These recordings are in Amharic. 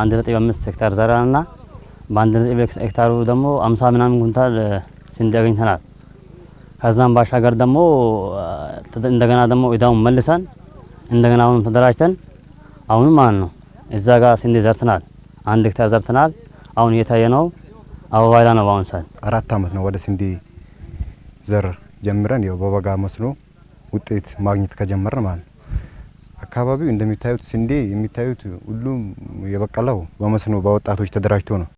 አንድ ነጥብ አምስት ሄክታር ዘራንና በአንድ ነጥብ ሄክታሩ ደግሞ አምሳ ምናምን ኩንታል ስንዴ አገኝተናል። ከዛም ባሻገር ደግሞ እንደገና ደግሞ እዳውን መልሰን እንደገና አሁንም ተደራጅተን አሁንም ማለት ነው እዛ ጋር ስንዴ ዘርተናል። አንድ ሄክታር ዘርተናል። አሁን እየታየ ነው። አበባ ላይ ነው። በአሁን ሰዓት አራት አመት ነው ወደ ስንዴ ዘር ጀምረን ያው በበጋ መስኖ ውጤት ማግኘት ከጀመርን ማለት ነው። አካባቢው እንደሚታዩት ስንዴ የሚታዩት ሁሉም የበቀለው በመስኖ በወጣቶች ተደራጅቶ ነው።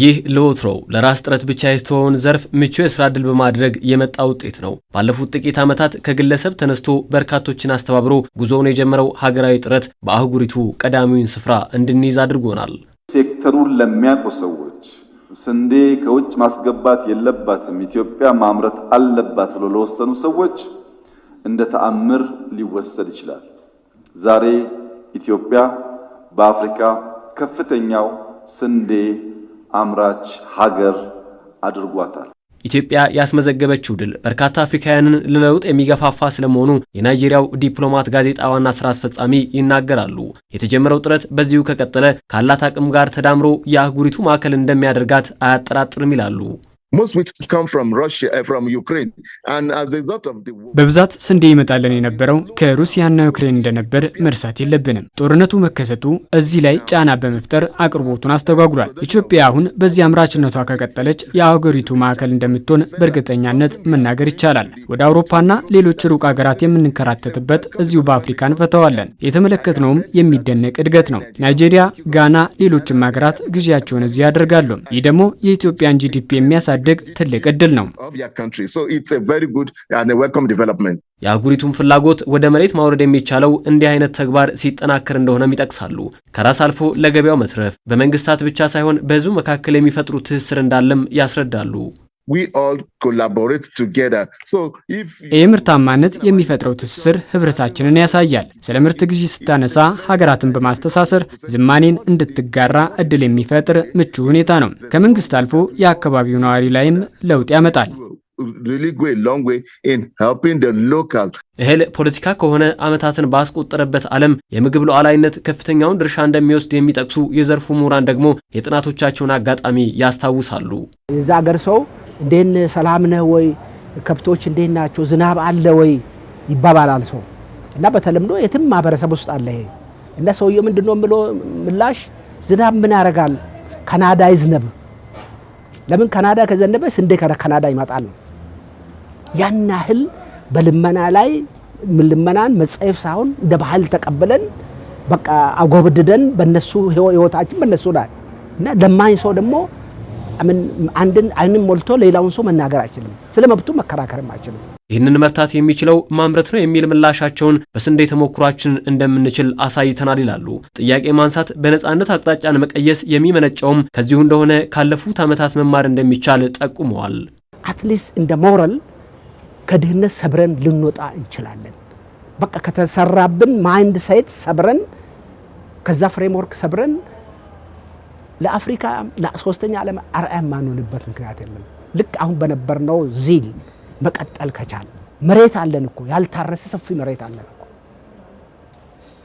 ይህ ለወትሮው ለራስ ጥረት ብቻ የተወውን ዘርፍ ምቹ የስራ ዕድል በማድረግ የመጣ ውጤት ነው። ባለፉት ጥቂት ዓመታት ከግለሰብ ተነስቶ በርካቶችን አስተባብሮ ጉዞውን የጀመረው ሀገራዊ ጥረት በአህጉሪቱ ቀዳሚውን ስፍራ እንድንይዝ አድርጎናል። ሴክተሩን ለሚያውቁ ሰዎች ስንዴ ከውጭ ማስገባት የለባትም ኢትዮጵያ ማምረት አለባት ብሎ ለወሰኑ ሰዎች እንደ ተአምር ሊወሰድ ይችላል። ዛሬ ኢትዮጵያ በአፍሪካ ከፍተኛው ስንዴ አምራች ሀገር አድርጓታል። ኢትዮጵያ ያስመዘገበችው ድል በርካታ አፍሪካውያንን ለለውጥ የሚገፋፋ ስለመሆኑ የናይጄሪያው ዲፕሎማት ጋዜጣ ዋና ስራ አስፈጻሚ ይናገራሉ። የተጀመረው ጥረት በዚሁ ከቀጠለ ካላት አቅም ጋር ተዳምሮ የአህጉሪቱ ማዕከል እንደሚያደርጋት አያጠራጥርም ይላሉ። Eh, በብዛት ስንዴ ይመጣልን የነበረው ከሩሲያና ዩክሬን እንደነበር መርሳት የለብንም። ጦርነቱ መከሰቱ እዚህ ላይ ጫና በመፍጠር አቅርቦቱን አስተጓጉሏል። ኢትዮጵያ አሁን በዚህ አምራችነቷ ከቀጠለች የአገሪቱ ማዕከል እንደምትሆን በእርግጠኛነት መናገር ይቻላል። ወደ አውሮፓና ሌሎች ሩቅ ሀገራት የምንከራተትበት እዚሁ በአፍሪካ እንፈተዋለን። የተመለከትነውም የሚደነቅ እድገት ነው። ናይጄሪያ፣ ጋና፣ ሌሎችም ሀገራት ግዢያቸውን እዚህ ያደርጋሉ። ይህ ደግሞ የኢትዮጵያን ጂዲፒ የሚያሳ የሚያሳድግ ትልቅ እድል ነው። የአህጉሪቱን ፍላጎት ወደ መሬት ማውረድ የሚቻለው እንዲህ አይነት ተግባር ሲጠናከር እንደሆነም ይጠቅሳሉ። ከራስ አልፎ ለገበያው መትረፍ በመንግስታት ብቻ ሳይሆን በህዝቡ መካከል የሚፈጥሩ ትስስር እንዳለም ያስረዳሉ። ምርታማነት የሚፈጥረው ትስስር ህብረታችንን ያሳያል። ስለ ምርት ግዢ ስታነሳ ሀገራትን በማስተሳሰር ዝማኔን እንድትጋራ እድል የሚፈጥር ምቹ ሁኔታ ነው። ከመንግስት አልፎ የአካባቢው ነዋሪ ላይም ለውጥ ያመጣል። እህል ፖለቲካ ከሆነ ዓመታትን ባስቆጠረበት ዓለም የምግብ ሉዓላዊነት ከፍተኛውን ድርሻ እንደሚወስድ የሚጠቅሱ የዘርፉ ምሁራን ደግሞ የጥናቶቻቸውን አጋጣሚ ያስታውሳሉ። የዛ አገር ሰው እንዴን ሰላም ነህ ወይ? ከብቶች እንዴት ናቸው? ዝናብ አለ ወይ? ይባባላል ሰው እና በተለምዶ የትም ማህበረሰብ ውስጥ አለ ይሄ እና ሰውየው ምንድን ነው የምለው ምላሽ ዝናብ ምን ያደርጋል? ካናዳ ይዝነብ። ለምን ካናዳ ከዘነበ ስንዴ ከካናዳ ይመጣል ነው። ያን ያህል በልመና ላይ ልመናን መጸየፍ ሳይሆን እንደ ባህል ተቀብለን በቃ አጎብድደን በነሱ ህይወታችን በነሱ ላይ እና ለማኝ ሰው ደግሞ አንድን ሞልቶ ሌላውን ሰው መናገር አይችልም። ስለ መብቱ መከራከርም አይችልም። ይህንን መርታት የሚችለው ማምረት ነው የሚል ምላሻቸውን በስንዴ ተሞክሯችን እንደምንችል አሳይተናል ይላሉ። ጥያቄ ማንሳት፣ በነፃነት አቅጣጫን መቀየስ የሚመነጨውም ከዚሁ እንደሆነ ካለፉት ዓመታት መማር እንደሚቻል ጠቁመዋል። አትሊስት እንደ ሞራል ከድህነት ሰብረን ልንወጣ እንችላለን። በቃ ከተሰራብን ማይንድ ሳይት ሰብረን ከዛ ፍሬምወርክ ሰብረን ለአፍሪካ ለሶስተኛ ዓለም አርአያ የማንሆንበት ምክንያት የለም። ልክ አሁን በነበርነው ዚል መቀጠል ከቻል መሬት አለን እኮ ያልታረሰ ሰፊ መሬት አለን እኮ።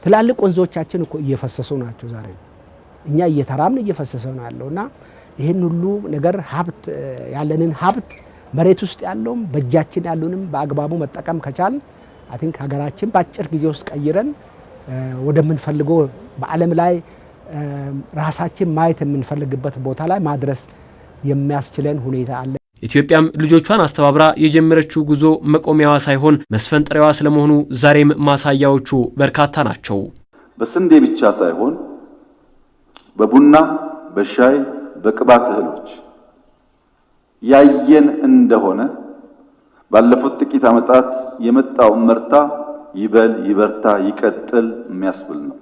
ትላልቅ ወንዞቻችን እኮ እየፈሰሱ ናቸው ዛሬ እኛ እየተራምን እየፈሰሰ ነው ያለው እና ይህን ሁሉ ነገር ሀብት ያለንን ሀብት መሬት ውስጥ ያለውም በእጃችን ያሉንም በአግባቡ መጠቀም ከቻል አይ ቲንክ ሀገራችን በአጭር ጊዜ ውስጥ ቀይረን ወደምንፈልገው በዓለም ላይ ራሳችን ማየት የምንፈልግበት ቦታ ላይ ማድረስ የሚያስችለን ሁኔታ አለ። ኢትዮጵያም ልጆቿን አስተባብራ የጀመረችው ጉዞ መቆሚያዋ ሳይሆን መስፈንጠሪያዋ ስለመሆኑ ዛሬም ማሳያዎቹ በርካታ ናቸው። በስንዴ ብቻ ሳይሆን በቡና፣ በሻይ፣ በቅባት እህሎች ያየን እንደሆነ ባለፉት ጥቂት ዓመታት የመጣው እመርታ ይበል፣ ይበርታ፣ ይቀጥል የሚያስብል ነው።